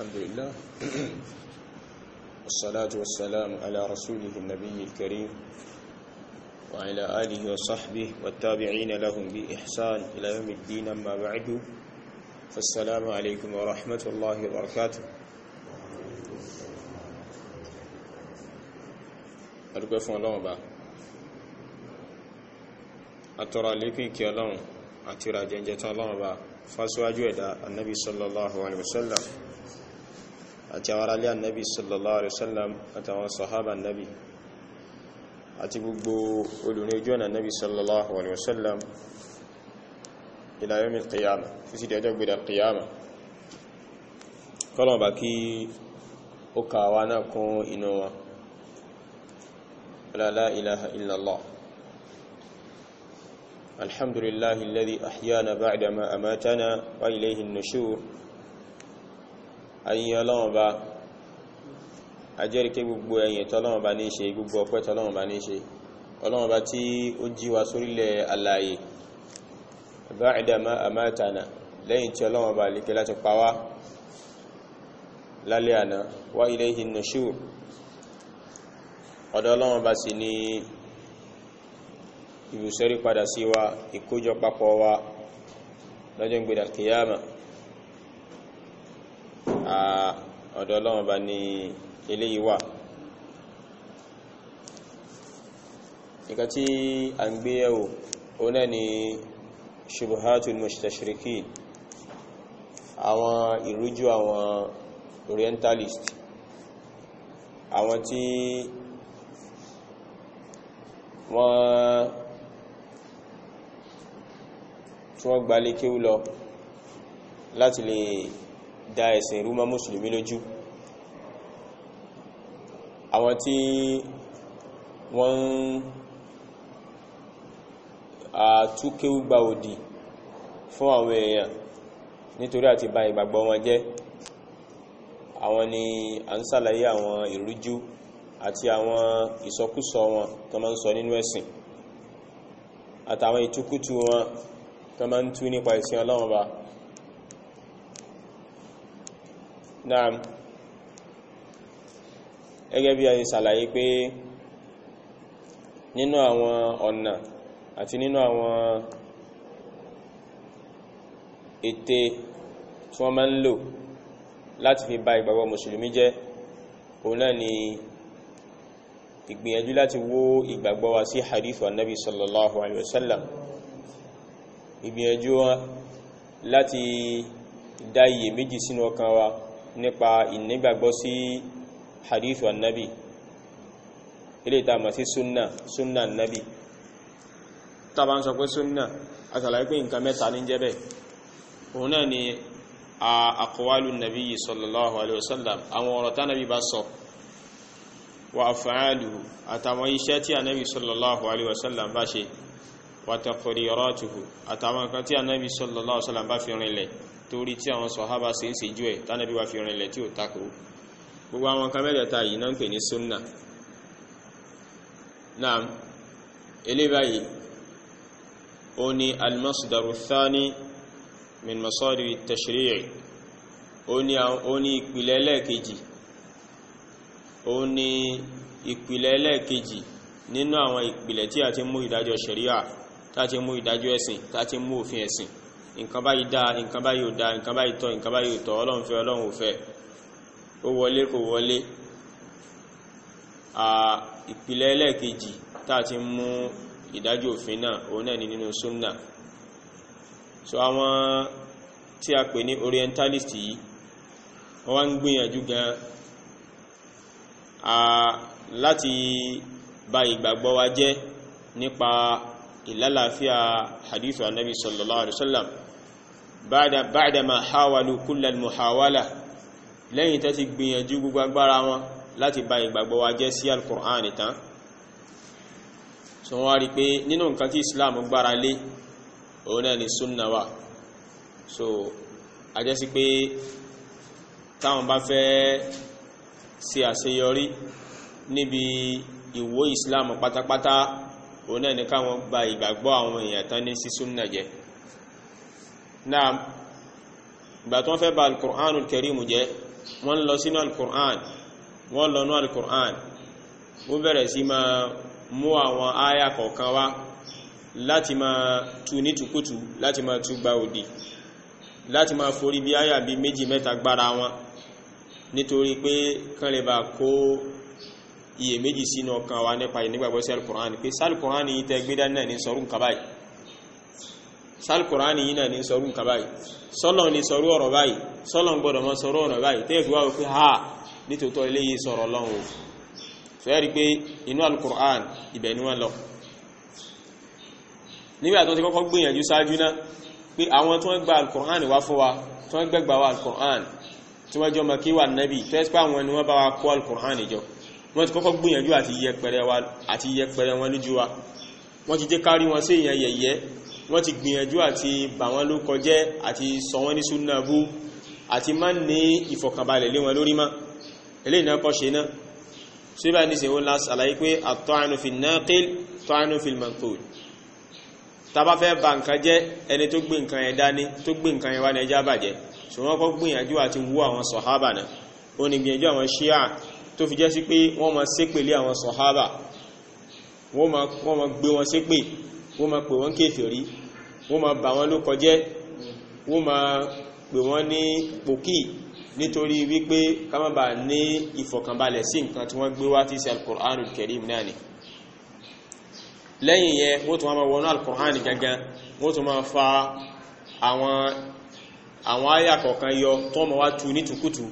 الحمد لله والصلاة والسلام على رسوله النبي الكريم وعلى آله وصحبه والتابعين لهم بإحسان إلى يوم الدين ما بعد فالسلام عليكم ورحمة الله وبركاته أرجو الله با أترى لكم كي الله أترى جنجة الله با fásíwájú النبي صلى الله عليه وسلم àti àwọn aráalé annabi sallallahu alaihi wasallam àti àwọn sahaba annabi àti gbogbo olùrin ojú ọ̀nà annabi sallallahu alaihi wasallam ila yawmil qiyama títí di ọjọ́ gbẹ̀dẹ̀ qiyama kọ́lọ̀ bá kí ó kàwà náà kún inú wọn la ilaha illallah alhamdulillahi ayin ọlọ́run ba ajẹ́ríkẹ́ gbogbo ẹ̀yìn tọ́lọ́run ba ní ṣe gbogbo ọpẹ́ tọ́lọ́run ba ní ṣe ọlọ́run ba tí ó jí wa sórílẹ̀ alààyè báyìdàmá àmátànà lẹ́yìn tí ọlọ́run ba lè kẹ́ láti pa wá lálẹ́ àná wá ilayhi nushur ọ̀dọ̀ ọlọ́run ba sì kìyàmà ọ̀dọ̀ ọlọ́run bá ní eléyìí wà nǹkan tí a ń gbé ẹ̀wò ó náà ni ṣubuhatul mustashiriki àwọn ìrújú àwọn orientalist àwọn tí wọ́n tí wọ́n gbalé lọ láti lè dá ẹ̀sìn ìrú mọ́ mùsùlùmí lójú àwọn tí wọ́n àtúkéwú gba òdì fún àwọn èèyàn nítorí àti bà ìgbàgbọ́ wọn jẹ́ àwọn ni a ń sàlàyé àwọn ìrújú àti àwọn ìsọkúsọ wọn tó máa ń sọ nínú ẹ̀sìn àtàwọn ìtúkútù wọn tó máa ń tú nípa ìsìn Ọlọ́run ba naam gẹ́gẹ́ bí a ti ṣàlàyé pé nínú àwọn ọ̀nà àti nínú àwọn ète tí wọ́n máa ń lò láti fi bà ìgbàgbọ́ mùsùlùmí jẹ́ òun náà ni ìgbìyànjú láti wó ìgbàgbọ́ wa sí hadith annabi sallallahu alaihi sallam, ìgbìyànjú wa láti dá iyèméjì sínú ọkàn wa nípa ìnígbàgbọ́ sí hadith wa nabi ilé ìtàmà sí sunna sunna nabi tàbá ń sọ pé sunna asàlàyé pé nǹkan mẹ́ta ní jẹ́bẹ̀ òun náà ni a aqwalu nabi sallallahu alaihi wasallam àwọn ọ̀rọ̀ tá nabi bá sọ wa af'aluhu àtàwọn iṣẹ́ tí a nabi sallallahu alaihi wasallam bá ṣe wa taqriratuhu àtàwọn nǹkan tí a sallallahu alaihi wasallam bá fi rinlẹ̀ torí tí àwọn sọ̀hábà ṣe ń ṣe jú ẹ̀ tánàbí wà fi rìnlẹ̀ tí ó takò gbogbo àwọn kan mẹ́rẹ̀ta yìí náà ń pè ní sunna naam eléyìí báyìí ó ní almasdaru thani min ó ní ìpìlẹ̀ ẹlẹ́ẹ̀kejì ó ní ìpìlẹ̀ ẹlẹ́ẹ̀kejì nínú àwọn ìpìlẹ̀ tí a ti mú ìdájọ́ sharia tá ti mú ìdájọ́ ẹ̀sìn tá ti mú òfin ẹ̀sìn nǹkan báyìí dáa nǹkan báyìí ò dáa nǹkan báyìí tọ́ nǹkan báyìí ò tọ́ ọlọ́run fẹ́ ọlọ́run ò fẹ́ ó wọlé kò wọlé ìpìlẹ̀ ẹlẹ́ẹ̀kejì tá a ti mú ìdájọ́ òfin náà òun náà ni nínú sunna so àwọn tí a pè ní orientalist yìí wọ́n wá ń gbìyànjú gan láti bà ìgbàgbọ́ wa jẹ́ nípa ìlàlàáfíà hadithu annabi sallallahu alaihi wasallam بعد بعدما حاولوا كل المحاولة لن تتقبين يجيبوا بأكبر láti bá ìgbàgbọ́ wa jẹ́ sí al-Qur'an tán so wọ́n rí pé nínú nǹkan tí Islam gbára lé òun náà ni sunna wa so a jẹ́ sí pé táwọn bá fẹ́ ṣe àṣeyọrí níbi ìwó Islam pátápátá òun náà ni káwọn gba ìgbàgbọ́ àwọn èèyàn tán ní sí sunna jẹ́ náà ìgbà tó ń fẹ́ ba alukur'an kẹrìmù jẹ́ wọ́n lọ sínú alukur'an wọ́n lọ nú alukur'an ó bẹ̀rẹ̀ sí máa mú àwọn áyà kọ̀ọ̀kan wá láti máa tú ní tukutu láti máa tú gba òdì láti máa forí bí áyà bí méjì mẹ́ta gbára wọn nítorí pé kán lè bá kó iyèméjì sínú ọkàn wa nípa ìnígbàgbọ́sí alukur'an pé sálùkùrán yìí tẹ́ náà ní sọrún kàbáyìí Sal yìí náà ni soru nǹkan báyìí sọ́lọ̀ ní sọrú ọ̀rọ̀ báyìí sọ́lọ̀ gbọ́dọ̀ mọ́ sọrú ọ̀rọ̀ báyìí tẹ́ẹ̀ fi wá wípé ha nítòótọ́ ilé yìí sọ̀rọ̀ lọ́wọ́ so ẹ́ rí pé inú alukùránì ibẹ̀ ni wọ́n lọ nígbà tó ti kọ́kọ́ gbìyànjú ṣáájú náà pé àwọn tó ń gba alukùránì wá fún wa tó ń gbẹ́gbà wa alukùránì tí wọ́n jọ mọ̀kí wà nẹ́bì tẹ́sí pé àwọn ni wọ́n bá wa kó alukùránì jọ wọ́n ti kọ́kọ́ gbìyànjú àti yẹpẹrẹ wọn lójú wa wọ́n ti jẹ́ kárí wọn sí èèyàn yẹ̀yẹ́ wọ́n ti gbìyànjú àti bà wọ́n ló kọjẹ́ àti sọ wọ́n ní súnà bú àti má ní ìfọ̀kànbalẹ̀ lé wọn lórí má eléyìí náà kọ́ ṣe náà tí ó bá ní sèwọ́n lá sàlàyé pé at-ta'nu fin-naqil ta'nu fil-manqul tàbá fẹ́ bà nǹkan jẹ́ ẹni tó gbé nǹkan sí pé wọ́n ma pè wọ́n kéfèrí wọ́n ma bà wọ́n ló kọjẹ́ wọ́n ma pè wọ́n ní pòkì nítorí wípé ká má bà ní ìfọ̀kànbalẹ̀ sí nǹkan tí wọ́n gbé wá tí sí fa àwọn àwọn àyà kọ̀ọ̀kan yọ tó ma wá tu nítùkútù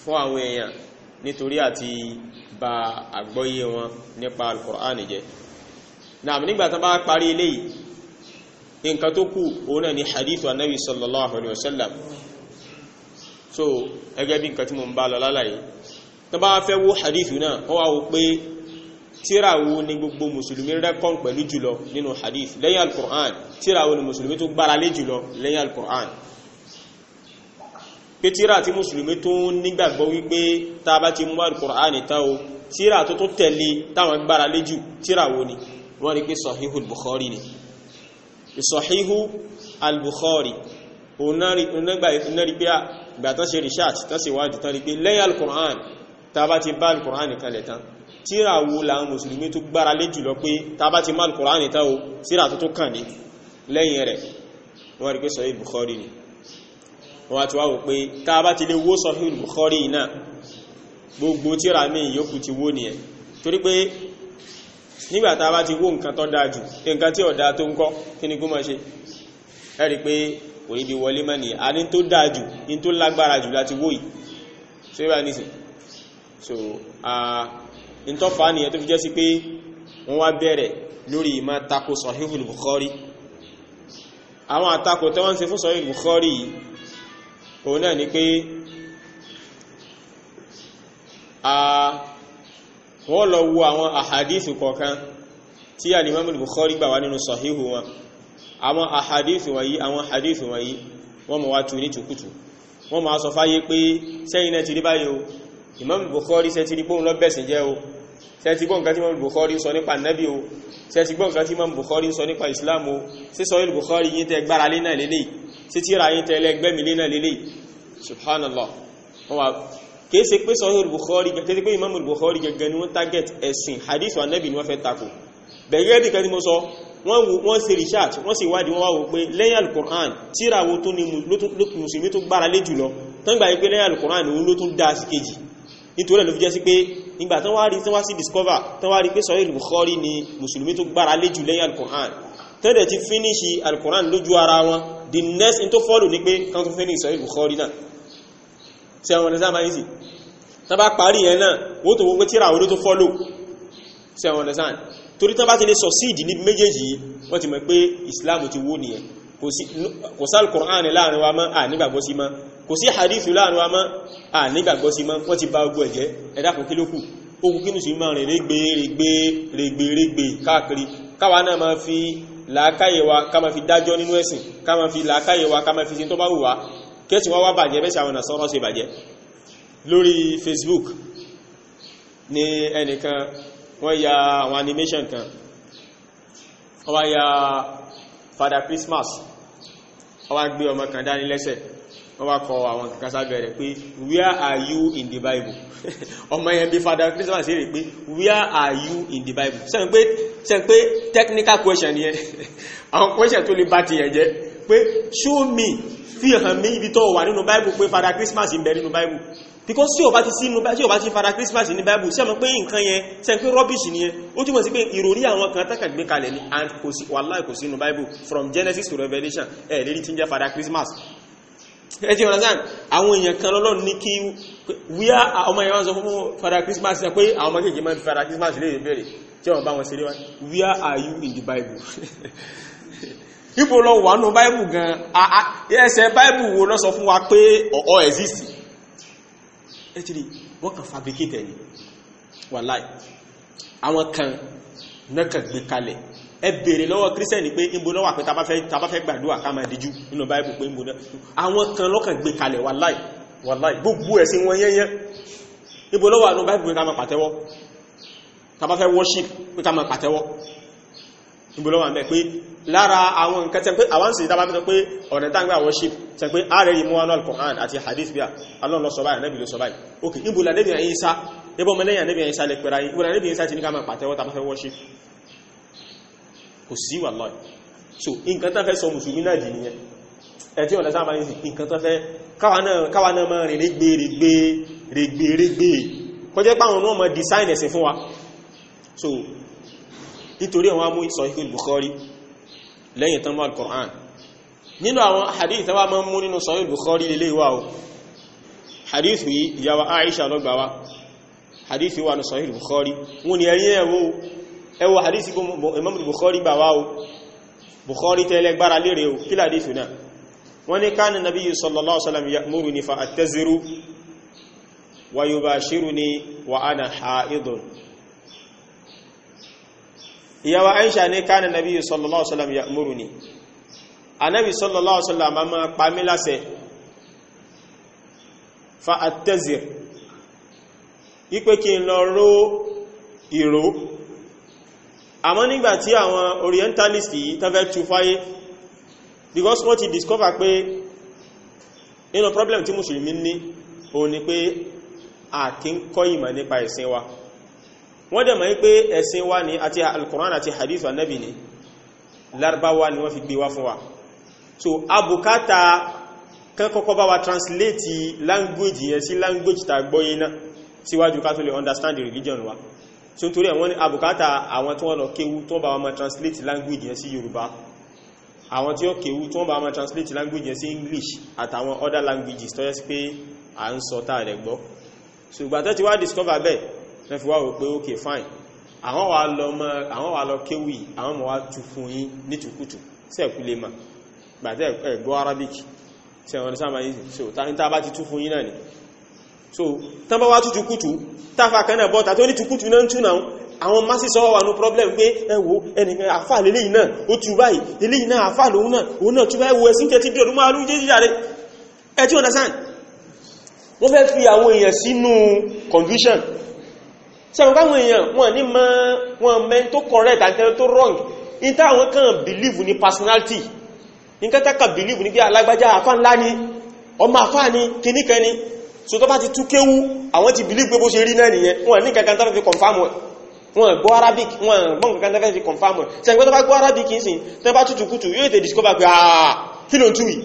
fún àwọn èèyàn nítorí àti ba àgbọ́yé wọn nípa alkùránù jẹ́ náà nígbà tán bá parí eléyìí nǹkan tó kù òun náà ni hadith anabi sallallahu alayhi wa sallam so ẹgẹ́ bí nǹkan tí mo ń bá lọ lálàyé tó bá fẹ́ wó hadith náà wọ́n wá wò pé tíra wo ni gbogbo mùsùlùmí rẹ́kọ̀n pẹ̀lú jùlọ nínú hadith lẹ́yìn al-Qur'an tíra wo ni mùsùlùmí tó gbára lé jùlọ lẹ́yìn al-Qur'an pé tíra tí mùsùlùmí tó nígbàgbọ́ wípé tá a bá ti mú al ta o tíra tó tó tẹ̀lé táwọn gbára lé jù tíra wo ni wọ́n rí pé Sahihul Bukhari ni ìsọ̀híhú al-bukhari onárí pé àgbà tán ṣe research tán sì wájú tán rí pé lẹ́yìn al-qur'an tàbá ti bá al-qur'an kalẹ̀ tán tíra wo làwọn mùsùlùmí tó gbára lé jùlọ pé tàbá ti má al-qur'an tán o síra tó tó kàn ní lẹ́yìn rẹ̀ wọ́n rí pé sọ̀hí bukhari ni wọ́n ti wá pé tàbá ti lè wó sọ̀hí bukhari náà gbogbo tíra míì yókù ti wó nìyẹn torí pé nígbà bá ti wó nǹkan tó dáa nǹkan tí ọ̀dá tó ń kọ́ kí ni kó máa ṣe ẹ rí pé kò ní bí wọlé mọ́ nìyẹn a ní tó dáa jù ní tó lágbára jù láti wó yìí ṣé so n tó fà á nìyẹn tó fi jẹ́ sí pé wọ́n wá bẹ̀rẹ̀ lórí ìmá tako wọ́n lọ wo àwọn àhàdífì kọ̀ọ̀kan tí alimami Bukhari gbà wá nínú sahihu wọn àwọn àhàdífì wọ̀nyí àwọn àhàdífì wọ̀nyí wọ́n mọ̀ wá tu ní tukutu wọ́n máa sọ fáyé pé sẹ́yìn náà ti rí báyìí o imam Bukhari sẹ́ ti rí bóun lọ bẹ̀sìn jẹ́ o sẹ́ ti gbọ́ nǹkan tí imam Bukhari sọ nípa nabi o sẹ́ kìí ṣe pé sọ́hìr bukhari kìí ṣe pé imamul bukhari gẹ̀gẹ̀ ni wọ́n target ẹ̀sìn hadith wa nẹ́bì ni wọ́n fẹ́ tako bẹ̀rẹ̀ bí kan tí mo sọ wọ́n se research wọ́n sì wádìí wọ́n wá wò pé lẹ́yìn alukur'an tíra wo tó ní mùsùlùmí tó gbára lé jùlọ tán gbà pé lẹ́yìn alukur'an òun ló tún dáa sí kejì nítorí ló fi jẹ́ sí pé ìgbà tán wá rí tán wá sí discover tán wá rí pé sọ́hìr bukhari ni mùsùlùmí tó gbára lé jù lẹ́yìn alukur'an tán dẹ̀ ti finish alukur'an lójú ara wọn the next in tó follow ni pé kan tó finish sọ́hìr bukhari náà tí àwọn ọ̀nà sáàmà ìsì tán bá parí ẹ̀ náà wó tó wọ́n tíra àwọn tó fọ́lò tí àwọn ọ̀nà sáàmà torí tán bá ti lè sọ̀síìdì ní méjèèjì wọ́n ti mọ̀ pé Islam ti wó nìyẹn kò sí al-Qur'an láàrin wa mọ́ à nígbàgbọ́ sí mọ́ kò sí hadithu láàrin wa mọ́ à nígbàgbọ́ sí mọ́ wọ́n ti bá ogun ẹ̀jẹ́ ẹ̀dàkùn kí ló kù ogun kí nìṣù máa rìn rẹ́gbé rẹ́gbé rẹ́gbé rẹ́gbé káàkiri káwa náà máa fi làákàyè wa ká máa fi dájọ́ nínú ẹ̀sìn ká máa fi làákàyè wa ká máa fi sin tó bá wù wá kẹ́sì wọ́n wá bàjẹ́ bẹ́sì àwọn nàṣọ́rọ́ sí bàjẹ́ lórí Facebook ní ẹnìkan wọ́n ya àwọn animation kan wọ́n ya Father Christmas wọ́n wá gbé ọmọ kan dání lẹ́sẹ̀ wọ́n wá kọ àwọn kankan sábẹ̀rẹ̀ pé where are you in the Bible ọmọ yẹn bí Father Christmas rẹ̀ pé where are you in the Bible sẹ́n pé sẹ́n pé technical question yẹn àwọn question tó lè bá ti yẹn jẹ́ pé show me fi hàn mí ibi tó wà nínú bible pé father christmas ń bẹ nínú bible because tí o bá ti sí inú tí o bá ti father christmas ní bible ṣé mọ̀ pé nǹkan yẹn ṣé pé rubbish nìyẹn ó túmọ̀ sí pé ìròrí àwọn kan tẹ́kà gbé kalẹ̀ ní and kò sí wàláì kò sí inú bible from genesis to revelation ẹ̀ lérí tí ń jẹ́ father christmas ẹ ti understand àwọn èèyàn kan lọ́lọ́run ní kí wíyá ọmọ yẹn sọ fún father christmas pé àwọn ọmọ kéèkéé máa fi father christmas lè bẹ̀rẹ̀ tí wọ́n bá wọn ṣeré wá where are you in the bible ibo lọ wà nù báìbù gan ẹsẹ̀ báìbù wo lọ sọ fún wa pé ọ̀ọ́ exist ẹ ti rí wọ́n kàn fabricate ẹni wàláì àwọn kan nẹ́kàn gbé kalẹ̀ ẹ bèèrè lọ́wọ́ kírísẹ́nì pé ń boná wà pé tàbá fẹ́ gbàdúwà ká máa díjú nínú báìbù pé ń boná àwọn kan lọ́kàn gbé kalẹ̀ wàláì wàláì gbogbo ẹ̀sìn wọn yẹ́yẹ́ ń boná wà nínú báìbù pé ká máa pàtẹ́wọ́ tàbá fẹ́ worship pé ká máa pàtẹ́wọ́ ìbòlọ́wà mẹ́ pé lára àwọn nǹkan tẹ́ pé àwọn sì dábàá mẹ́ta pé ọ̀nà tàgbà worship tẹ́ pé ààrẹ yìí mọ́wánú al-Qur'an àti hadith bí i Allah ló sọ báyìí Ànábì ló ok ìbòlà nẹ́bì ẹ̀yìn isa ẹbọ́ mẹ́lẹ́yìn nẹ́bì ẹ̀yìn isa lè pẹ̀ra yìí ìbòlà nẹ́bì ẹ̀yìn isa ti worship kò sí so nǹkan tán fẹ́ sọ mùsùlùmí náà dì nìyẹn ẹ̀tí ọ̀nà sáà máa ní nǹkan tán fẹ́ káwa náà máa rìn rẹ̀gbẹ̀ so nítorí àwọn amú Sahihul Bukhari lẹ́yìn tán mọ́ al-Qur'an nínú àwọn hadith tàbí ma ń mú nínú Sahihul Bukhari lè léwà o hadith yìí ìyàwó Aisha lọ́gbàwá hadith wà ní Sahihul Bukhari wọn ni ẹ̀rí ẹ̀wọ́ ẹwọ́ hadith Imam Bukhari gbà wá o Bukhari tẹ́lẹ̀ gbára lérè o kí hadith náà wọ́n ní kana nabiyyu sallallahu alaihi ìyàwó aisha ní kánà nàbí sallallahu alaihi wasallam ya'muruni anábì sallallahu alaihi wasallam máa pa mí fa attazir wípé kí n lọ ró ìró àmọ́ nígbàtí àwọn orientalist yìí tán fẹ́ fáyé because wọ́n ti discover pé nínú problem tí mùsùlùmí ní òun ni pé a kì ń kọ́ ìmọ̀ nípa ẹ̀sìn wọ́n dẹ̀ mọ̀ pé ẹ̀sìn wa ni àti alkùnrán àti hadith wa nabi ni Lárúbáwá ni wọ́n fi gbé wá fún wa so abùkátà kan kọ́kọ́ bá wa translate language yẹn sí language ta gbọ́yé náà síwájú ká tó lè understand the religion wa so nítorí àwọn abùkátà àwọn tí wọ́n lọ kéwú tó bá wa ma translate language yẹn sí Yorùbá àwọn tí ó kéwú tó bá wa ma translate language yẹn sí English àtàwọn other languages tó yẹ sí pé à ń sọ táà rẹ̀ gbọ́ so ìgbà tó ti wá discover bẹ́ẹ̀ lẹ́fi wá wò pé okay fine àwọn wà lọ mọ́ àwọn wà lọ kéwì àwọn mọ̀ wá tu fún yín nítùkùtù sẹ́ẹ̀kú lè mà gbàtẹ́ ẹ̀gbọ́ arabic sẹ́wọ̀n sáàmà yìí so ta bá ti tú fún yín náà ni so tán bá wá tútù kútù táfà kan náà bọ́ta tó ní tukútù náà ń tú náà àwọn masí sọ wà ní problem pé ẹwò ẹnìkan àfà lélẹ́yìn náà ó tú báyìí lélẹ́yìn náà àfà lòun náà òun náà tú báyìí wo ẹ̀sìn tẹ́tí dọ̀dún máa lóúnjẹ́ jíjáre ẹ tí understand wọ́n fẹ́ fi àwọn èèyàn sínú confusion sẹ́gbẹ̀gbà àwọn èèyàn wọn ní mọ́ wọn mẹ́ tó correct àti tó wrong in tá àwọn believe ní personality in kẹta kan believe ní bí alágbájá àfá ńlá ní ọmọ àfá ní kìníkẹ ní so tó bá ti tú kéwú àwọn ti believe pé bó ṣe rí náà nìyẹn wọn ní kankan tó fi confirm wọn gbọ́ arabic wọn gbọ́n kankan tó fi confirm sẹ́gbẹ́ tó bá gbọ́ arabic ń sìn tó bá tútù kútù yóò tẹ̀ discover pé àà ah, kí ló ń tú yìí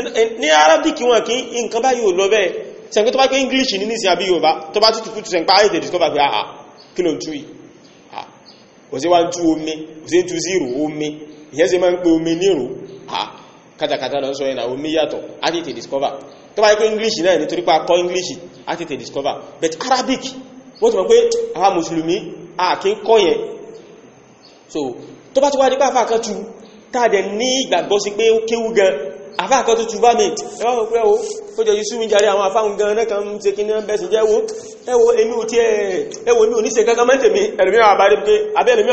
ní arabic wọn kí nǹkan báyìí ò lọ bẹ́ẹ̀ sẹ́gbẹ́ tó bá pé english ní nísìn àbí yorùbá tó bá tútù kútù sẹ́gbẹ́ ayé tẹ̀lé tó bá pé àà ah, ah, kí ló ń tú yìí ah, kò sí wá ń tú omi kò sí ń tú zero omi ìyẹn sì máa ń pe omi nírò à kátàkátà lọ sọ yẹn náà omi yàtọ̀ á tètè discover tó bá pé english náà nítorí pé akọ english á tètè discover but arabic wọ́n ti mọ̀ pé àwa mùsùlùmí à kí ń kọ́ yẹn so tó bá ti wá nípa àfà kan tu táàdẹ̀ ní ìgbàgbọ́ sí pé ó kéwú gan àfá àkọ́ tuntun bá mi ẹwà òpẹ́ o ó jẹ́ yusuf ń jàrí àwọn àfáhùn gan náà kan ṣe kí náà bẹ̀sùn jẹ́ wo ẹwọ èmi ò tí ẹwọ mi ò ní ṣe kankan mẹ́tẹ̀ mi ẹ̀rẹ̀míwà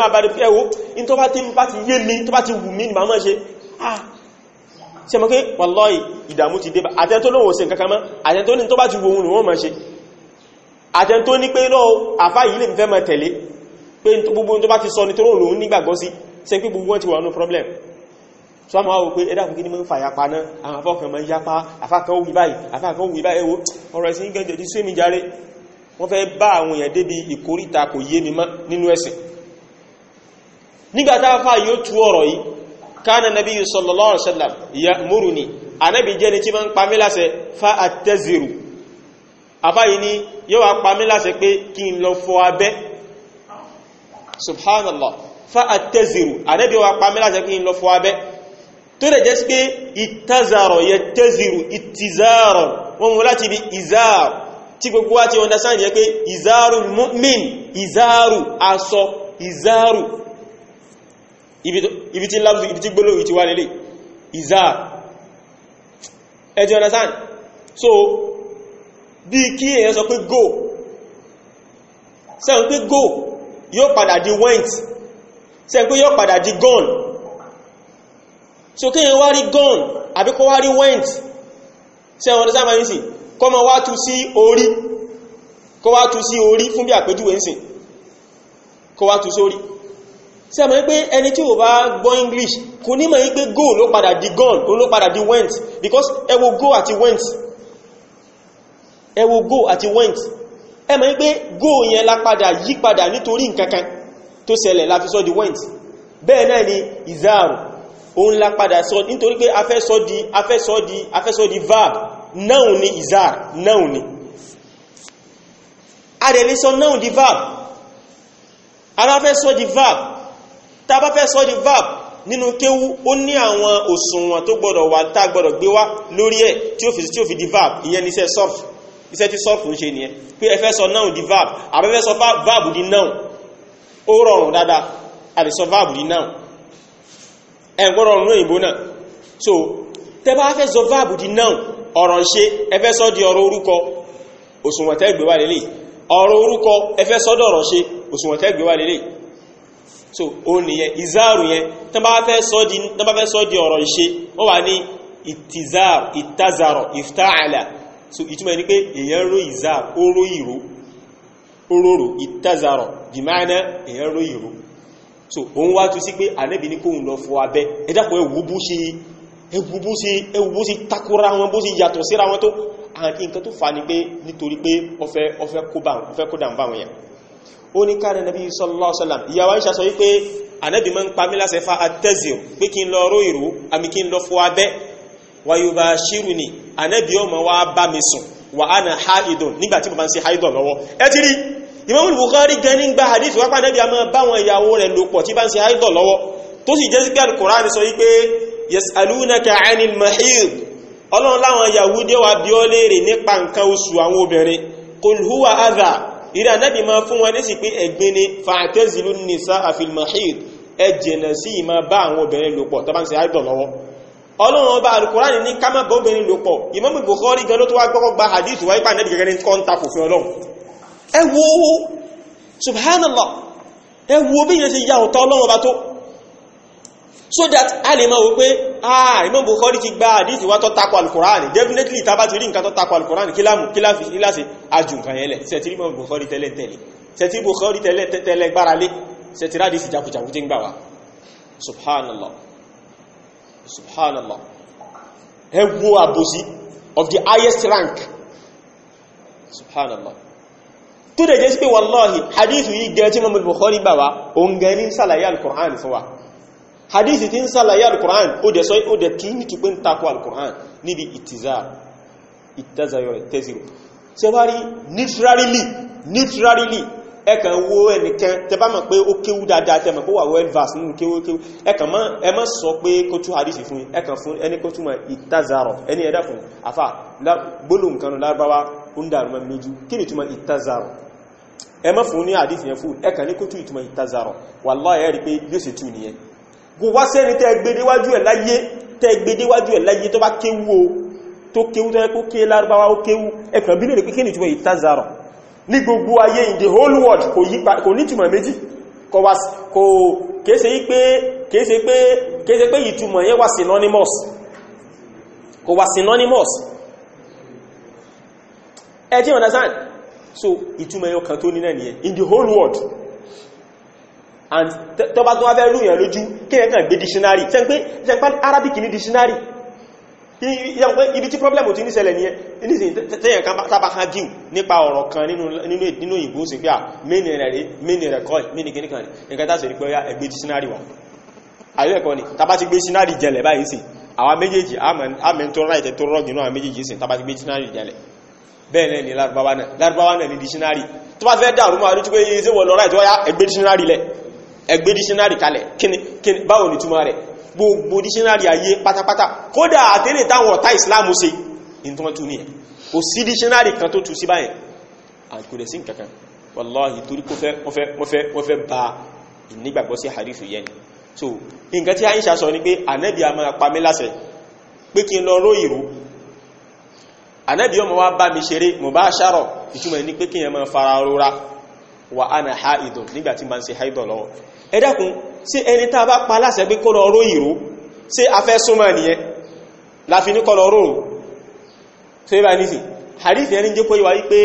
àbárí pé ẹwọ in tó bá tí bá ti yé mi tó bá ti wù mí ní màmá ṣe ah ṣe mọ́ pé wàlọ́ì ìdààmú ti dé bá àtẹ́ tó lóun ò ṣe kankan mọ́ àtẹ́ tó ní tó bá ti wù òun òun máa ṣe àtẹ́ tó ní pé lọ́ àfá yìí lè fẹ́ máa tẹ̀lé pé gbogbo tó bá ti sọ ní tó lóun nígbàgbọ́ sí ṣe pé gbogbo wọn ti wà nú problem so ma wo pé ẹ̀dá kun kíni mo fa yapa na àwọn afokan mo yapa afakan wí báyìí afakan wí báyìí ewo ọ̀rọ̀ ẹ̀sìn ganje di se mi jàre wọ́n fẹ́ bá àwọn èèyàn débi ìkóríta kò yé mi mọ́ nínú ẹ̀sìn nígbàtá fà yóò tú ọ̀rọ̀ yìí kánà nàbí sallallahu alaihi wasallam ya'muruni anábì jẹ́ ni tí ma ń pàmí láṣẹ fa àtẹ́zìrù àbáyìí ni yóò wá pàmí láṣẹ pé kí n lọ fọ abẹ́ subhanallah fa àtẹ́zìrù anabi wá pàmí láṣẹ pé kí n lọ fọ tó rẹ̀ jẹ́ sí pé ìtazàrọ̀ yẹ tẹ́zìrù ìtìzàrọ̀ wọn mú láti ibi ìzàrù tí gbogbo wá ti understand yẹ pé ìzàrù mu'min ìzàrù aṣọ ìzàrù ibi tí lábùsù ibi tí gbóló ìtí wà lélẹ̀ ìzàrù ẹ ti understand so bí kí èyàn sọ go sẹ́yìn pé go yóò padà di went sẹ́yìn pé yóò padà di gone so kéèyàn wá rí gun àbí kó wá rí went sí àwọn ọdún sáàmà nísìn kó ma wá tú sí orí kó wá tú sí orí fún bí àpéjúwe nísìn kó wá tú sórí sí àmà wípé ẹni tí ò bá gbọ́ English kò ní mọ̀ wípé go ló padà di gun ó ló padà di went because ẹ wo go àti went ẹ wo go àti went ẹ mọ̀ wípé go yẹn la padà yí padà nítorí nǹkankan tó ṣẹlẹ̀ la fi sọ di went bẹ́ẹ̀ náà ni ìzáàrù ó ń lápadà sọ nítorí pé afẹ́sọ́ di afẹ́sọ́ di afẹ́sọ́ di verb noun ni izar noun ni a rẹ̀ lè sọ noun di verb aláfẹ́sọ́ di verb tàbáfẹ́sọ́ di verb nínú kéwú ó ní àwọn òṣùwọ̀n tó gbọ́dọ̀ wà tá gbọ́dọ̀ gbé wá lórí ẹ̀ tí ó fi tí ó fi di verb ìyẹn níṣẹ́ sọ́fù iṣẹ́ tí sọ́fù ń ṣe nìyẹn pé ẹ fẹ́ sọ noun di verb àbẹ́fẹ́ sọ verb di noun ó rọrùn dáadáa àbẹ́sọ verb di noun ẹ̀gbọ́rọ̀ ọ̀run òyìnbó náà so tẹbá fẹ́ sọ verb di noun ọ̀rọ̀ ṣe ẹfẹ́ sọ di ọ̀rọ̀ orúkọ òṣùwọ̀n tẹ́ gbé wà lélẹ̀ ọ̀rọ̀ orúkọ ẹfẹ́ sọ dọ̀rọ̀ ṣe òṣùwọ̀n tẹ́ gbé wà lélẹ̀ so ó nìyẹn ìzáàrù yẹn tẹbá fẹ́ sọ di ọ̀rọ̀ ìṣe wọ́n wà ní ìtìzáàrù ìtazàrọ̀ so ìtumọ̀ ni pé èèyàn ró ìzáàrù ó ró ìró ó róró so òun wá tú sí pé ànẹ́bì ní kóhùn lọ fọ abẹ́ ẹ̀dàpọ̀ ẹwùbú sí ẹwùbú sí ẹwùbú sí takora wọn bó sí yàtọ̀ síra wọn tó àti nǹkan tó fà ní pé nítorí pé ọfẹ́ ọfẹ́ kódà ń bá wọn yà ó ní káàrẹ nàbí sallallahu alaihi wasallam ìyàwó Àìṣà sọ wípé wa bá mi sùn wà á na haidon nígbà tí mo Imam Bukhari gan ní gba hadith wápá nẹ́bí a máa báwọn ìyàwó rẹ̀ lòpọ̀ tí bá ń ṣe àìdọ̀ lọ́wọ́ tó sì jẹ́ sí pé Al-Qur'an sọ wípé yasalunaka 'anil mahid ọlọ́run láwọn Yahudi wá bi ọ́ léèrè nípa nǹkan oṣù àwọn obìnrin qul huwa adha ìrẹ́ anẹ́bí máa fún wọn lésì pé ẹ̀gbin ni fa'tazilu nisaa fil mahid ẹ ọlọ́run ọba al ní ká obìnrin lòpọ̀ Imam Bukhari gan ló tó wá gbọ́kọ́ hadith wáyé pàdé gẹ́gẹ́ ní kọ́ńtà kò ọlọ́run ẹ wo subhanallah ẹ wo bí yẹn ṣe ya ọ̀tọ̀ ọlọ́wọ́ bá tó so that a lè máa wò pé ah Imam Bukhari ti gba àdísì wá tó takọ alukurani definitely ta bá ti rí nǹkan tó takọ alukurani kí lámù kí láfi láti ajù nǹkan yẹn lẹ̀ sẹ̀tìrí Imam Bukhari tẹ́lẹ̀ tẹ́lẹ̀ sẹ̀tìrí Bukhari tẹ́lẹ̀ tẹ́lẹ̀ gbára lé sẹ̀tìrí àdísì jakujaku tí ń gbà wá subhanallah subhanallah ẹ wo àbòsí of the highest rank subhanallah tó dẹ̀ jẹ́ sí pé wallahi hadithu yìí gẹ́ tí mọ́mù Bukhari bá wá òun gẹ́ ní sàlàyé al-Qur'an fún wa hadithu tí ń sàlàyé al-Qur'an ó dẹ̀ sọ ó dẹ̀ tú ní tupé ń takọ al-Qur'an níbi ìtìzá ìtàzayọ̀ tẹ́sìrò ṣe wá rí literally literally ẹkàn wo ẹnìkan tẹbá mọ̀ pé ó kéwú dáadáa tẹmọ̀ pé wà well versed nínú kéwú kéwú ẹkàn mọ́ ẹmọ sọ pé ẹni kó túmọ̀ ẹni ẹ̀dá fún afá gbólóhùn kanu lárúbáwá ó ń dàrú mẹ́rin lójú kí ni ìtumọ̀ ìtazarọ̀ ẹ mọ́ fún ní àdífìyàn fún ẹ̀kà ní kó tún ìtumọ̀ ìtazarọ̀ wallahi ẹ rí pé yóò sì tún nìyẹn kò wá sẹ́ni tẹ́ gbedéwájú ẹ̀ láyé tẹ́ gbedéwájú ẹ̀ láyé tó bá kéwú o tó kéwú tó yẹ kó ké lárúbáwá ó kéwú ẹ̀kàn bí lè pé kí ni ìtumọ̀ ìtazarọ̀ ní gbogbo ayé in the whole world kò ní ìtumọ̀ méjì kò kéèsè pé kéèsè pé ìtumọ̀ yẹn wà synonymous kò wà synonymous ẹ tí understand so ìtumọ̀ ẹyọ kan tó ní náà nìyẹn in the whole world and tó bá tó wá fẹ́ lóyìn lójú kí ẹ kàn gbé dictionary ṣe ń pé Arabic ní dictionary ibi tí problem ti ní ṣẹlẹ̀ ní ẹnìsìn tẹ́yẹ̀ kan tàbá kan gíù nípa ọ̀rọ̀ kan nínú ìbò sí pé à mẹ́ni rẹ̀ mẹ́ni rẹ̀ kọ́ mẹ́ni gẹ́ni kan nǹkan tàbí rí pé ó ẹgbẹ́ dictionary wà ayọ́ ẹ̀kọ́ ni tàbá ti gbé dictionary jẹlẹ̀ báyìí sí àwọn méjèèjì àmẹ́ntọ́ ráìtẹ́ tó rọ́gìnú àwọn méjèèjì sí tàbá ti gbé dictionary jẹlẹ̀ bẹ́ẹ̀ náà ni lárúbáwá náà lárúbáwá náà ni dictionary tó bá fẹ́ dàrú máa rí tí pé yíyí sí wọ̀n lọ́ra ìtọ́yá ẹgbẹ́ dictionary lẹ̀ ẹgbẹ́ dictionary kalẹ̀ kíni kíni báwo ni túmọ̀ rẹ̀ gbogbo dictionary ayé pátápátá kódà àtẹ́lẹ̀ táwọn ọ̀tá Islam ṣe ìtàn tún ni ẹ̀ dictionary kan tó tu sí báyẹn kò dẹ̀ sí nǹkankan wallahi torí kó fẹ́ ba ìnígbàgbọ́ sí harifu so nǹkan tí Aisha sọ ni pé ànẹ́bí a máa pa mí kí n lọ ró ìró ànábì ọmọ wa bá mi ṣeré mubasharo ìtumọ̀ ní pé kíyàn máa fara rora wà á na haidu nígbàtí ma ń ṣe haidu lọ́wọ́ ẹ dákun sí ẹni tá a bá pa láṣẹ pé kọ́lọ̀ ọ̀rọ̀ ìró sí afẹ́ súnmọ́ nìyẹn láfi ní kọ́lọ̀ ọ̀rọ̀ tó yíba nísì hadith ẹni jẹ́ kó yíwa wípé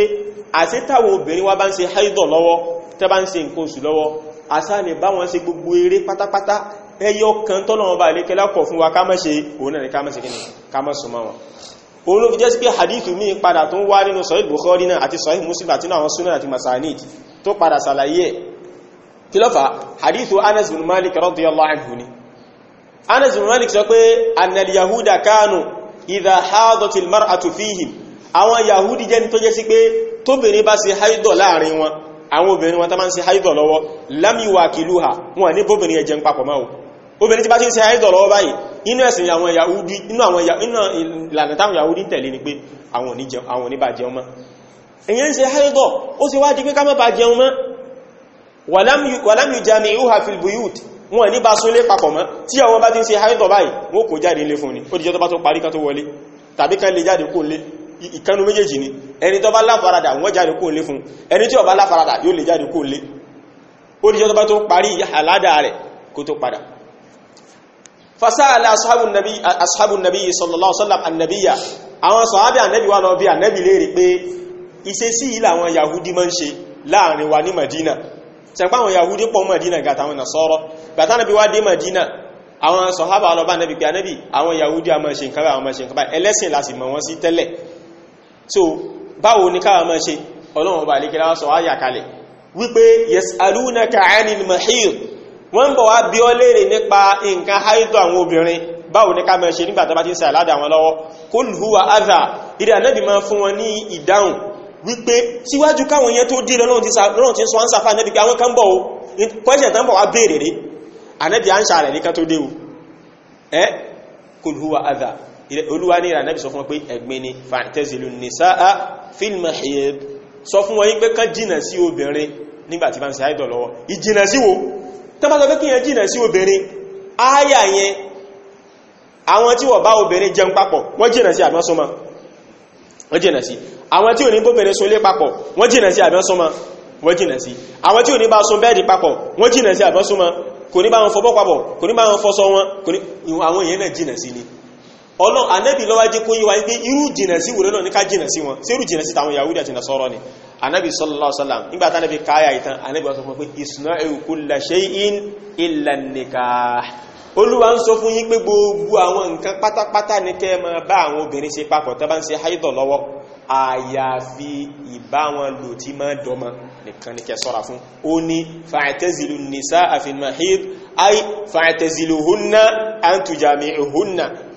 àti táwọn obìnrin wa bá ń ṣe haidu lọ́wọ́ tẹ́ bá ń ṣe nǹkan oṣù lọ́wọ́ àṣà ni bá wọn òun ló fi jẹ́ sí pé hadithu mi padà tó ń wá nínú sahih bukhari náà àti sahih muslim àti náà àwọn sunan àti masanid tó padà sàlàyé kí ló fà hadithu anas bin malik radiyallahu anhu ni anas bin malik sọ pé annal yahuda kanu idha hadatil mar'atu fihim àwọn yahudi jẹ́ ní tó jẹ́ obìnrin tí bá ti ń ṣe àìdọ̀ lọ́wọ́ báyìí inú ẹ̀sìn àwọn Yahudi inú àwọn ìlànà táwọn Yahudi tẹ̀lé ni pé àwọn òní bá jẹun mọ́ èyàn ń ṣe àìdọ̀ ó sì wá di pé ká má jẹun mọ́ walam yujami'uha fil buyut wọn ní bá súnlé papọ̀ mọ́ tí àwọn bá ti ń ṣe àìdọ̀ báyìí wọn kò jáde ilé fún ni ó dìjọ́ tó bá tó parí ká tó wọlé tàbí kan lè jáde kó lé ìkanu méjèèjì ni ẹni tó bá láfaradà wọn jáde kó lé fún ẹni tí ó bá láfaradà yóò lè jáde kó lé ó dìjọ́ tó bá tó parí àládà padà fasáàlì asábùnàbí sallallahu alaihi wasallam annabiya àwọn sọ̀hábí annabi wà lọ bí annabi lè rí pé ìṣesí ilẹ̀ àwọn yahudi ma ń ṣe láàrin wa ní madina tẹ̀pá àwọn yahudi pọ̀ madina gàtà àwọn nasọ́rọ̀ gàtà annabi wá dé madina àwọn sọ̀hábà alọ́bá annabi pé annabi àwọn yahudi a ma ṣe nǹkan àwọn ma ṣe nǹkan ẹlẹ́sìn láti mọ̀ wọ́n sí tẹ́lẹ̀ so báwo ni káwà ma ṣe ọlọ́run ọba àlékẹ́lá sọ áyà kalẹ̀ wípé yasalunaka anil mahir wọ́n ń bọ̀ wá bí ọ léèrè nípa nǹkan haidọ̀ àwọn obìnrin báwo ní ká mẹ́ ṣe nígbàtà bá ti ń sàìládà wọn lọ́wọ́ kul huwa adha ìdí ànẹ́bì máa fún wọn ní ìdáhùn wípé síwájú káwọn yẹn tó dí lọ́nà tí ń sọ ń sàfà ànẹ́bì pé àwọn kan bọ̀ pẹ́sẹ̀ tán bọ̀ wá béèrè rí ànẹ́bì à ń sàrẹ̀ ní fún wọn pé pé kán jìnà sí obìnrin nígbàtí bá ń sàìdọ̀ lọ́wọ́ ìjìnà sí wo tó bá sọ pé kí yẹn jìnà sí obìnrin ááyà yẹn àwọn tí wọ́n bá obìnrin jẹun papọ̀ wọ́n jìnà sí àbẹ́sọ́mọ́ wọ́n jìnà sí àwọn tí ò ní bóbìnrin sun lé papọ̀ wọ́n jìnà sí àbẹ́sọ́mọ́ wọ́n jìnà sí àwọn tí ò ní bá sun bẹ́ẹ̀dì papọ̀ wọ́n jìnà ni ọlọ́ anábì ló wá jẹ́ kó yí wa pé irú jìnà sí wòrán náà ní ká jìnà sí wọn sí irú jìnà sí tàwọn Yahudi àti Nasara ni anábì sallallahu alaihi wasallam nígbà tánábì káyà ìtàn anábì wá sọ fún pé isna'u kulla shay'in illa nikah olúwa ń sọ fún yín pé gbogbo àwọn nǹkan pátápátá ní kẹ́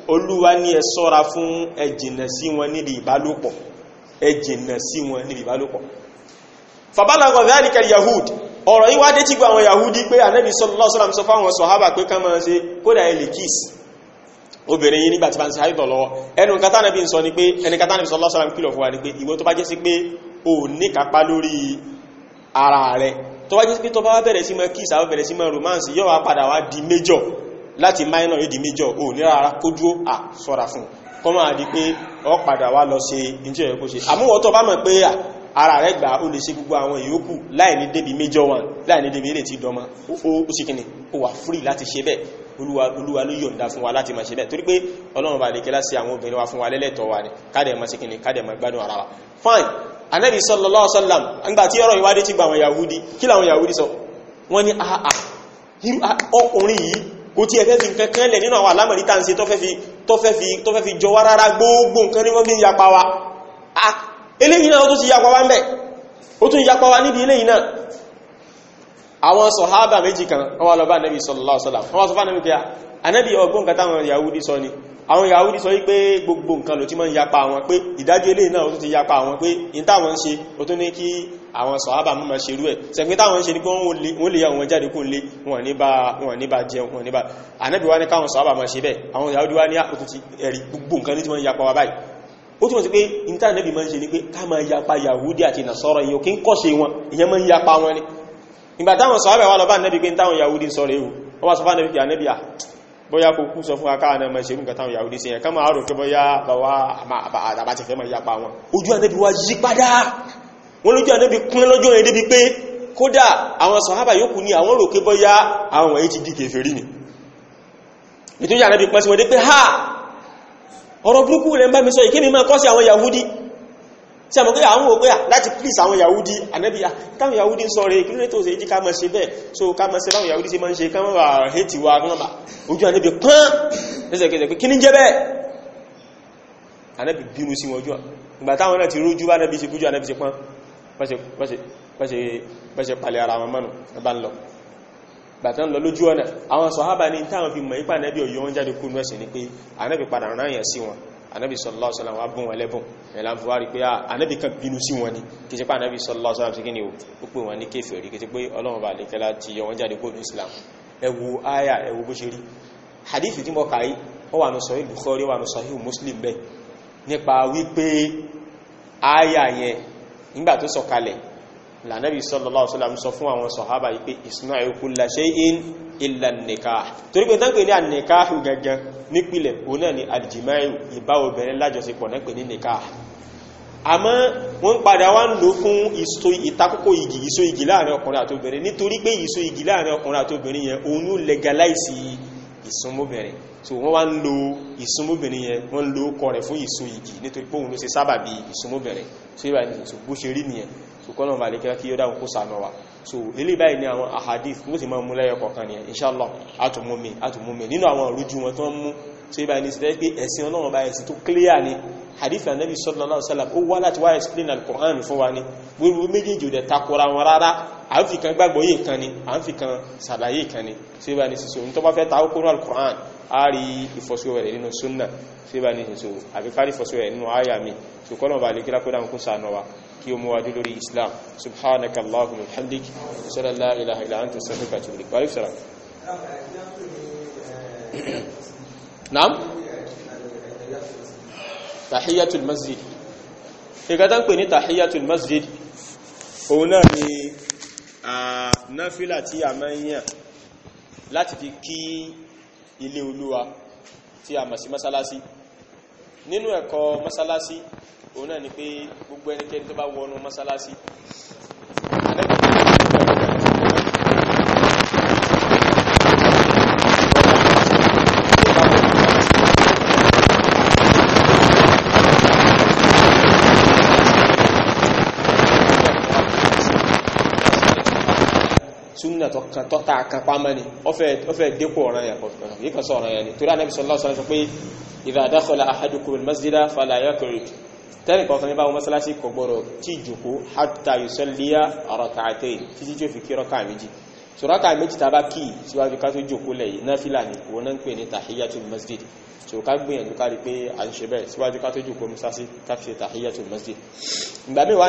olúwa ní ẹ ṣọ́ra fún ẹ jìnnà sí wọn níbi ìbálòpọ̀ ẹ jìnnà sí wọn níbi ìbálòpọ̀ fàbálàgọ̀ dhalika yahud ọ̀rọ̀ yíwá dé tí gbà àwọn yahudi pé anẹ́bí sọ́lọ́sọ́lọ́m sọ fáwọn sọ̀hábà pé ká máa ṣe kódà ẹ lè kiss obìnrin yìí nígbàtí bá ń ṣe àìdọ̀ lọ́wọ́ ẹnu katánàbí sọ ni pé ẹni katánàbí sọ́lọ́sọ́lọ́m kìlọ̀ fún wa ni pé ìwọ o ní kápá lórí ara rẹ tó bá jẹ́ sí pé tó bá bẹ̀rẹ̀ sí máa kiss àwọn bẹ̀rẹ̀ sí di major láti minor yóò di major ò ní rárá kó dúró à sọ́ra fún kọ́mọ̀ àdí pé ọ padà wá lọ ṣe ìjọ ẹ̀kọ́ ṣe àmúwọ́ tó bá mọ̀ pé ara rẹ̀ gbà ó lè ṣe gbogbo àwọn ìyókù láì débi major one láì ní débi eré tí dọmọ ó sì kìnnì ó wà free láti ṣe bẹ́ẹ̀ olúwa olúwa ló yọ̀ǹda fún wa láti máa ṣe bẹ́ẹ̀ torí pé ọlọ́run bá lè kẹ́lá sí àwọn obìnrin wa fún wa lẹ́lẹ́tọ̀ wa ní kádẹ̀ máa ṣe kìnnì kádẹ̀ máa gbádùn ara wa fine anabi sallallahu alaihi wasallam nígbà tí ọ̀rọ̀ ìwádìí ti gba àwọn yahudi kí làwọn yahudi sọ wọ́n ní àà ọkùnrin yìí kò tí ẹ̀fẹ́ fi nǹkan kan lẹ̀ nínú àwọn alámọ̀rí tá ń ṣe tó fẹ́ fi jọ wá rárá gbogbo nǹkan ní wọ́n fi ń wa ah eléyìí náà ó tún ti yapa wa ń bẹ̀ ó tún yapa wa níbi eléyìí náà àwọn sọ̀hábà méjì kan wọ́n lọ bá nẹ́bí sallallahu alaihi wasallam wọ́n sọ fún nẹ́bí pé anẹ́bí ọgbọ́n nǹkan táwọn yahudi sọ ni àwọn yahudi sọ wípé gbogbo nǹkan ló ti máa ń yapa wọn pé ìdájọ́ eléyìí náà ó tún ti yapa wọn pé àwọn sọ̀hábà mú ma ṣe rú ẹ̀ sẹ̀gbẹ́ táwọn ṣe ní pé wọ́n lè yà wọn jáde kún lé wọn ní bá jẹun wọn ní bá ànábì wá ní káwọn sọ̀hábà ma ṣe bẹ́ẹ̀ àwọn Yahudi wá ní àkótó ah, ti ẹ̀rí gbogbo nǹkan ní tí wọ́n yapa wa báyìí ó ni ìgbà táwọn sọ̀hábà wá lọ bá ànábì pé táwọn Yahudi ń sọ̀rọ̀ ewu wọ́n wá sọ fún ànábì pé ànábì à bóyá kò kú sọ fún akáà náà ma ṣe nǹkan táwọn Yahudi sí yẹn ká máa rò pé bóyá bàwá àbá àti fẹ́ wọn ojú ànábì wá yí padà wọ́n lójú ànábì kún lọ́jọ́ yẹn débi pé kódà àwọn sàhábà yòókù ní àwọn rò pé bọ́yá àwọn èyí ti di kèfèrí ni nítorí ànábì pẹ́ sí wọ́n dé pé ha ọ̀rọ̀ burúkú rẹ̀ ń bá mi sọ ìkémi máa kọ́ sí àwọn yahudi tí a mọ̀ pé àwọn òpé ah, láti please àwọn yahudi ànábì táwọn ah, yahudi ń sọ rẹ̀ kí ló tó ṣe jí ká mọ̀ ṣe bẹ́ẹ̀ so ká mọ̀ ṣe báwọn yahudi ṣe máa ń ṣe ká mọ̀ hẹ́tì wa rọ́mà ojú ànábì pán lẹ́sẹ̀kẹsẹ̀ pé kí ní jẹ́ bẹ́ẹ̀ ànábì bínú sí wọn ojú ìgbà táwọn náà ti rójú bá ànábì kújú ànábì ṣe pán pẹ́ṣe palẹ̀ ara wọn mọ́nù ẹbá ń lọ bàtán lọ lójú ọ̀nà àwọn sọ̀hábà ní táwọn fi mọ̀ ipá ànẹ́bí ọ̀yọ́ ń jáde kúrú ẹ̀sìn ni pé ànẹ́bí padà ráyẹ̀ sí wọn ànẹ́bí sallallahu alaihi wasallam wá bùn wọn lẹ́bùn ẹ̀là fún wa rí pé ah, ànẹ́bí kan bínú sí wọn ni kì í ṣe pé ànẹ́bí sallallahu alaihi wasallam sí kí ni ó pè wọn ní kèfèrí kì í nígbà tó sọ̀kalẹ̀ lànàbí sallallahu alaihi wasallam sọ fún àwọn sọ̀hábà yìí pé isna'u kulla shay'in illa an-nikah torí pé tán pè ní an-nikahu gangan nípìlẹ̀ òun náà ni al-jima'u ìbá obìnrin lájọsípọ̀ náà pè ní nikah ìsúnmóbìnrin so wọ́n wá ń lo ìsúnmóbìnrin yẹn wọ́n lo kọ rẹ̀ fún ìsú igi nítorí pé ló ṣe sábàbí ìsúnmóbìnrin so ìbá ní so bó ṣe rí nìyẹn so kọ́nà balẹ̀ kí ó dáhùn kó sànà wa so ilé báyìí ni àwọn ahadith ló sì máa mú lẹ́yọ kọ̀ọ̀kan ni inṣálọ̀ àtùmọ́mí àtùmọ́mí nínú àwọn ìrújú wọn tó ń mú tó ibà ní ìsìtẹ́ pé ẹ̀sìn ọlọ́run bá ẹ̀sìn tó clear ni hadith anabi sallallahu alaihi wasallam ó wá láti wá explain al-Qur'an fún wa ni gbogbo méjèèjì ò dẹ̀ takora wọn rárá à ń fi kan gbàgbọ́ yìí kan ni à ń fi kan sàlàyé kan ni tó ibà ní ìsìsò ní tó bá fẹ́ ta okòrò al-Qur'an a rí ìfọ́síwẹ̀rẹ̀ nínú sunna tó ibà ní ìsìsò àbíkárí ìfọ́síwẹ̀rẹ̀ nínú àyà mi tó kí o mú wájú lórí islam subhanakallahu alhamdik sallallahu ilaha illa anta astaghfiruka wa atubu ilaik wa salam naam tahiyatul masjid ìgbàtán pè ní tahiyatul masjid òun náà ni a náfílà tí a máa ń yàn láti fi kí ilé olúwa tí a mọ̀ sí mọ́sálásí nínú ẹ̀kọ́ mọ́sálásí òun náà ni pé gbogbo ẹnikẹ́ni tó bá wọnú mọ́sálásí sunna tó kan tó ta kan pamọ́ ni ọfẹ́ dépò ọ̀ràn yà kọ̀ọ̀kan yìí kan sọ ọ̀ràn yà ni torí ànábì pé idha dakhala ahadukum al-masjida fala tẹ́lẹ̀ kan sọ́nà bá wọn mọ́sálásí kò gbọ́rọ̀ tí ìjòkó hatta yusalliya rak'atayn títí tí ó fi kí rọ́kà méjì so rọ́kà méjì tàbá kí síwájú ká tó jòkó lẹ́yìn náfílà ní wọ́n náà ń pè ní tahiyatul masjid so ká gbìyànjú ká rí pé à ń ṣe bẹ́ẹ̀ síwájú ká tó jòkó mọ́sálásí ká fi ṣe tahiyatul masjid ìgbà mi wá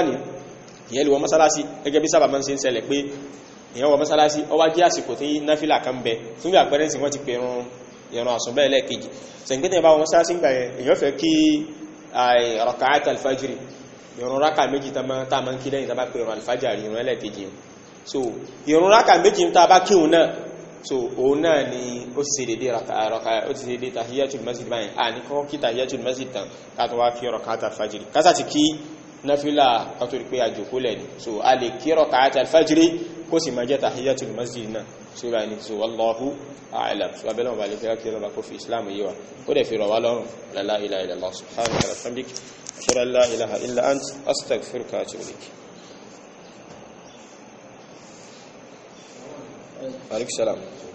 raka'at alfajiri ìrun raka méjì tá ma ń kí lẹ́yìn tá bá pè ìrun alfajari ìrun ẹlẹ́kejì so ìrun raka méjì tá bá kíhun náà so òun náà ni ó sì dédé raka'at ó ti dédé tahiyatul masjid báyìí a ní kọ́kọ́ kí tahiyatul masjid tán kátó wá kí raka'at alfajiri kásà ti kí náfílà kátó rí pé àjòkó lẹ́ni so a lè kí raka'at alfajiri kó sì máa jẹ́ tahiyatul masjid náà so ba ní so wallahu a'lam so abẹ́lẹ̀ wọn bá lè fẹ́ kí ba kó fi islam yi wa ko dẹ̀ fi rọ̀ wá lo la ilaha illa allah subhanahu wa ta'ala ashhadu an la ilaha illa ant astaghfiruka wa atubu ilaik عليك السلام